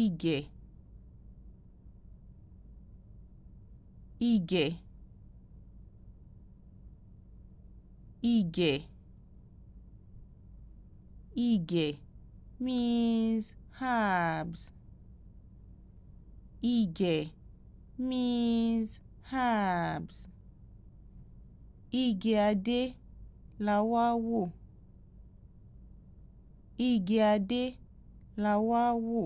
igè igè igè igè means herbs igè means herbs igi adé la wá wò igi adé la wá wò.